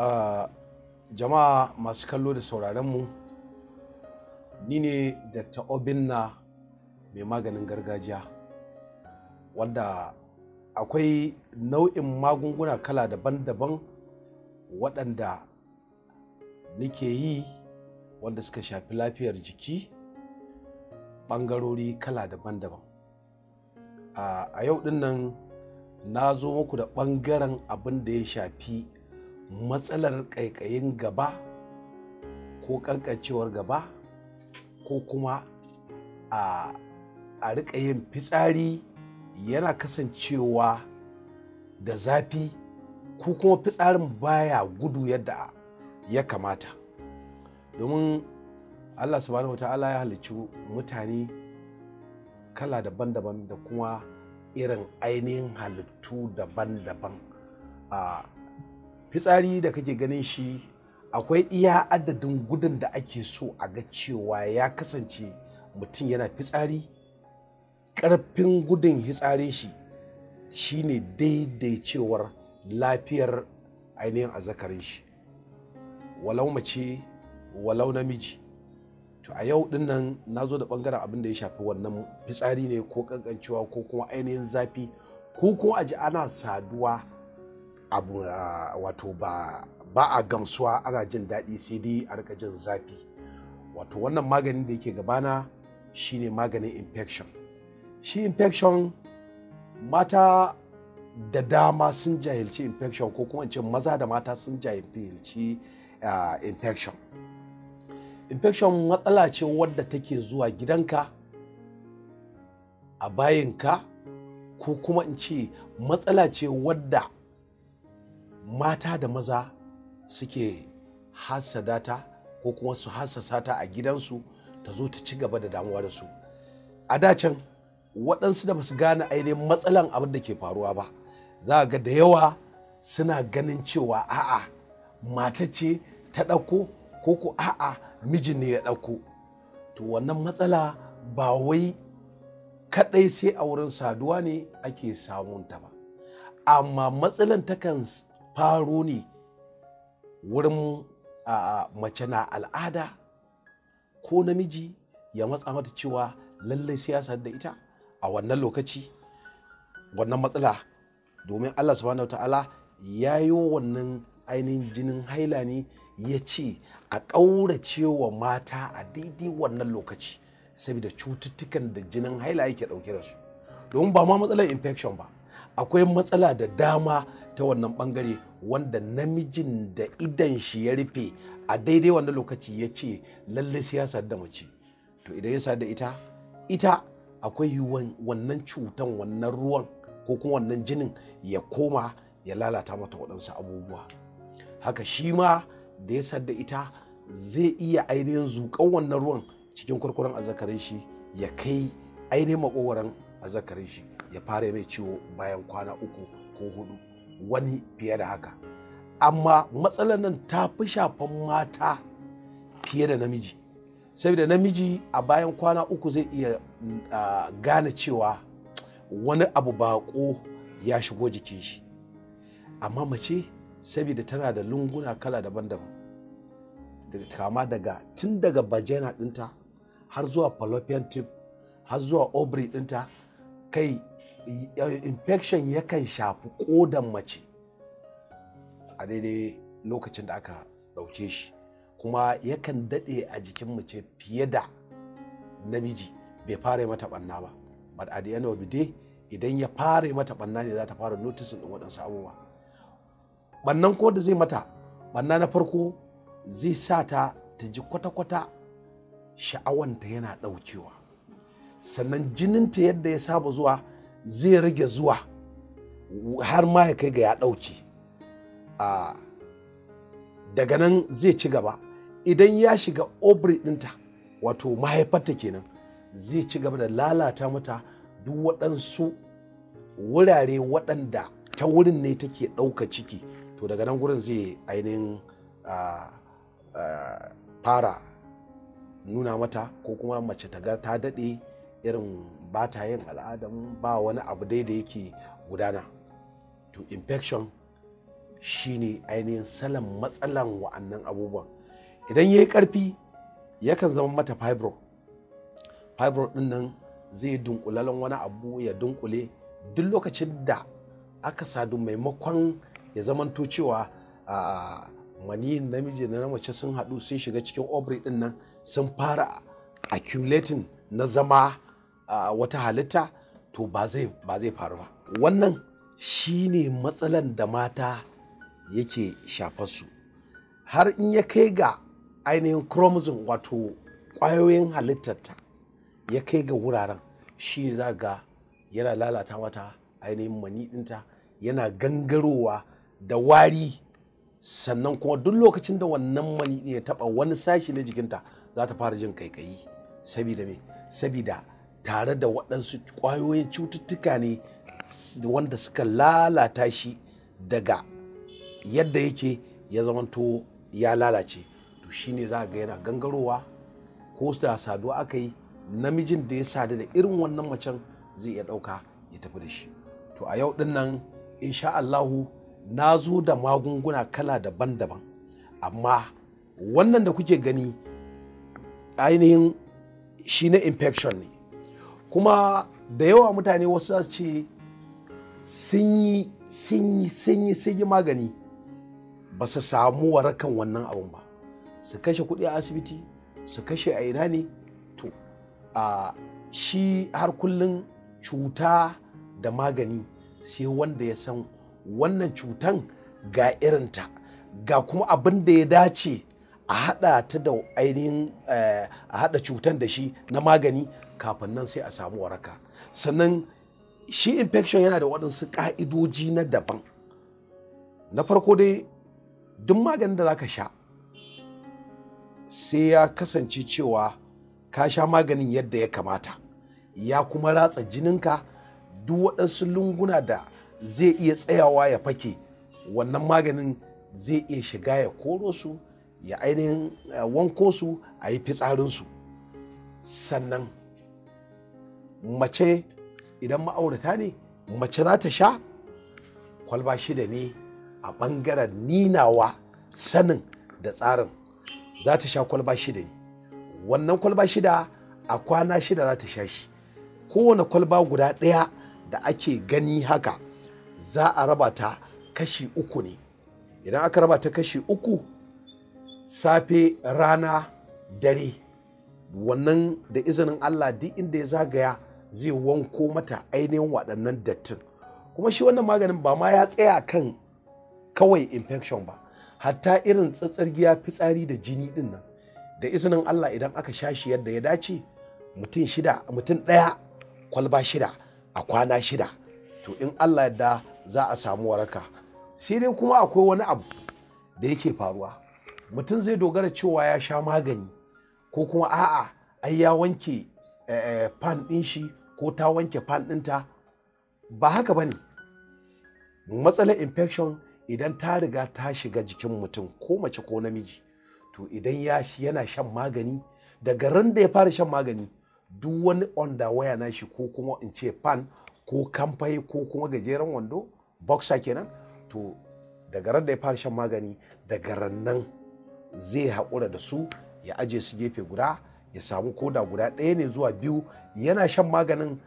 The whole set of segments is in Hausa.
a ah, jama'a masu kallo da sauraronmu ni ne dr obinna mai maganin gargajiya wanda akwai nau'in magunguna kala daban-daban waɗanda nike yi wanda suka shafi lafiyar jiki ɓangarori kala daban-daban ah, a yau ɗin na zo muku da ɓangaren abin da ya shafi matsalar ƙaiƙayin gaba ko ƙanƙancewar gaba ko kuma a riƙa yin fitsari yana kasancewa da zafi ko kuma fitsarin baya gudu yadda ya kamata domin allah subhanahu ta'ala ya halicci mutane kala daban-daban da kuma irin ainihin halittu daban-daban a ah, fitsari da kake ganin shi akwai iya adadin gudun da ake so a ga cewa ya kasance mutum yana fitsari ƙarfin gudun fitsarin shi shine daidaicewar lafiyar ainihin zakarin shi walau mace walau namiji to a yau din nan na zo da bangaren abin da ya shafi wannan fitsari ne ko kankancewa ko kuma ainihin zafi ko kuma a ji ana saduwa abu wato ba ba a gamsuwa ana jin daɗi sai dai a rika jin zafi wato wannan maganin da yake gabana shine maganin infection shi infection mata da dama sun jahilci infection ko kuma ce maza da mata sun jahilci uh, infection infection matsala ce wadda take zuwa gidanka a bayinka ko kuma in ce matsala ce wadda mata da maza suke hassadata ko kuma su hassasa ta a gidansu ta zo ta ci gaba da damuwa da su a dacen waɗansu da basu gane ainihin matsalan abin da ke faruwa ba za ga da yawa suna ganin cewa a'a mata ce ta ɗauko ko ko a'a mijin ne ya ɗauko to wannan matsala ba wai kaɗai sai a wurin saduwa ne ake samun ta ba amma matsalan takan faro ne wurin mace na al'ada ko namiji ya matsa mata cewa lallai siyasa da ita a wannan lokaci wannan matsala domin allah subhanahu ta'ala ya yi wannan ainihin jinin haila ne ya ce a ƙaurace wa mata a daidai wannan lokaci saboda cututtukan da jinin haila yake ɗauke da su domin ba ma matsalar infection ba akwai matsala da dama ta wannan bangare wanda namijin da idan shi ya rufe a daidai wanda lokaci ya ce lalle sadu da mace to idan ya da ita ita akwai wannan cutan wannan ruwan ko kuma wannan jinin ya koma ya lalata mata waɗansu abubuwa haka shi ma da ya da ita zai iya ainihin zuƙan wannan ruwan cikin kwarkwaron azzakarin shi ya kai ainihin makogwaron azzakarin shi ya fara mai ciwo bayan kwana uku ko hudu wani fiye da haka amma matsalar nan ta fi shafan mata fiye da namiji saboda namiji a bayan kwana uku zai iya gane cewa wani abu baƙo ya shigo jikin shi amma mace saboda tana da lunguna kala daban-daban kama daga tun daga bajena dinta har zuwa fallopian tube har zuwa obri dinta kai infection yakan shafi kodan mace a daidai lokacin da aka ɗauke shi kuma yakan daɗe a jikin mace fiye da namiji bai fara mata ɓanna ba but at the end of the day idan ya fara mata ɓanna ne za ta fara notice ɗin waɗansu abubuwa ɓannan ko da zai mata ɓanna na farko zai sa ta ta ji kwata-kwata sha'awanta yana ɗaukewa sannan jininta yadda ya saba zuwa zai rage zuwa har ma ya kai ga ya ɗauke daga nan zai ci gaba idan ya shiga obri ɗinta wato mahaifarta kenan zai ci gaba da lalata mata duk waɗansu wurare waɗanda ta wurin ne take ɗauka ciki to daga nan gurin zai ainihin fara nuna mata ko kuma mace ta ga ta daɗe irin ba ta yin al'adan ba wani abu dai da yake gudana to infection shine ainihin salon matsalan wa'annan abubuwan idan ya yi ƙarfi yakan zama mata fibro fibro ɗin nan zai dunkulalan wani abu ya dunkule duk lokacin da aka sadu maimakon ya zamanto cewa mani namiji na mace sun haɗu sun shiga cikin obri ɗin nan sun fara accumulating na zama wata halitta to ba zai faru ba wannan shi ne matsalan da mata yake su. har in ya kai ga ainihin chromosome wato ƙwayoyin halittarta ya kai ga wuraren shi za ga yana lalata mata ainihin mani yana gangarowa da wari sannan kuma duk lokacin da wannan mani ya taɓa wani sashi na jikinta za ta fara jin kaikayi sabida me sabida tare da waɗansu ƙwayoyin cututtuka ne wanda suka lalata shi daga yadda yake ya zamanto ya lalace to shine za ga yana gangarowa ko da saduwa aka yi namijin da ya sadu da irin wannan macen zai iya ɗauka ya tafi da shi to a yau ɗin nan insha Allahu na zo da magunguna kala daban-daban amma wannan da kuke gani ainihin shi na infection ne kuma da yawa mutane wasu su ce sun yi sun yi magani ba su samu warakan wannan abun ba su kashe kuɗi a asibiti su kashe a ina ne to a shi har kullum cuta da magani sai wanda ya san wannan cutan ga irinta ga kuma abin da ya dace a hada ta da ainihin eh, a haɗa cutan da shi na magani kafin nan sai a samu waraka sannan shi infection yana da waɗansu ƙa'idoji na daban na farko dai duk maganin da za ka sha sai ya kasance cewa ka sha maganin yadda ya kamata ya kuma ratsa jininka duk waɗansu lunguna da zai iya tsayawa ya fake wannan maganin zai iya shiga ya koro su ya ainihin eh, wanko su a yi fitsarinsu sannan mace idan ma'aurata ne mace za ta sha kwalba shida ne a ɓangaren ninawa sanin da tsarin za ta sha kwalba shida ne wannan kwalba shida a kwana shida za ta sha shi kowane kwalba guda ɗaya da ake gani haka za a raba ta kashi uku ne idan aka raba ta kashi uku safe rana dare wannan da izinin allah duk inda ya zagaya zai wanko mata ainihin waɗannan dattin kuma shi wannan maganin ba ma ya tsaya kan kawai infection ba hatta irin tsatsargiya fitsari da jini ɗin nan da izinin Allah idan aka sha shi yadda ya dace mutum shida mutum ɗaya kwalba shida a kwana shida to in Allah yadda za a samu waraka sai dai kuma akwai wani abu da yake faruwa mutum zai dogara cewa ya sha magani ko kuma a'a ai ya wanke fan eh, eh, ɗin shi ko ta wanke fan ɗinta ba haka ba ne matsalar infection idan ta riga ta shiga jikin mutum ko mace ko namiji to idan ya yana shan magani daga ran da ya fara shan magani duk wani underwear na shi ko kuma in ce fan ko kamfai ko kuma gajeren wando boxer kenan to daga ran da ya fara shan magani daga nan zai haƙura da su ya aje su gefe guda ya samu koda guda ɗaya ne zuwa biyu yana shan maganin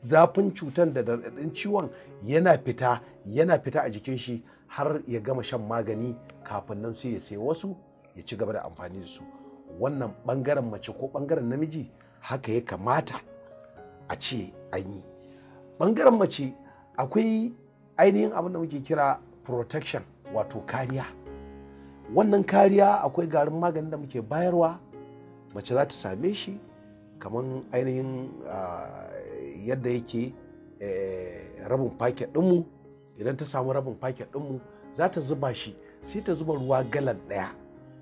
zafin cutar da daɗaɗin ciwon yana fita yana fita a jikin shi har ya gama shan magani kafin nan sai ya sai wasu ya ci gaba da amfani da su wannan ɓangaren mace ko ɓangaren namiji haka ya kamata a ce an yi ɓangaren mace akwai ainihin abin da muke kira protection wato kariya wannan kariya akwai garin maganin da muke bayarwa mace za ta same shi kamar ainihin yadda yake e, rabin paket ɗinmu idan ta samu rabin paket ɗinmu za ta zuba shi sai ta zuba ruwa galan ɗaya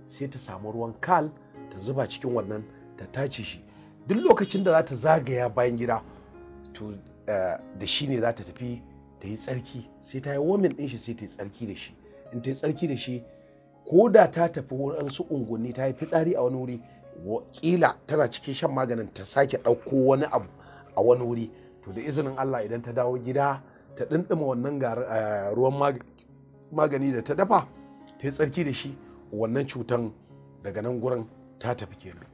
sai ta samu ruwan kal ta zuba cikin wannan ta tace shi duk lokacin da za ta zagaya bayan gida to e, da shi ne za ta tafi ta yi tsarki sai ta yi womin ɗin shi sai ta yi tsarki da shi in ta yi tsarki da shi ko da ta tafi waɗansu unguwanni ta yi fitsari a wani wuri kila tana cikin shan maganin ta sake ɗauko wani abu a wani wuri to da izinin Allah idan ta dawo gida ta ɗinɗima wannan eh, ruwan magani da ta dafa ta yi tsarki da shi wannan cutan daga nan gurin ta tafi kenan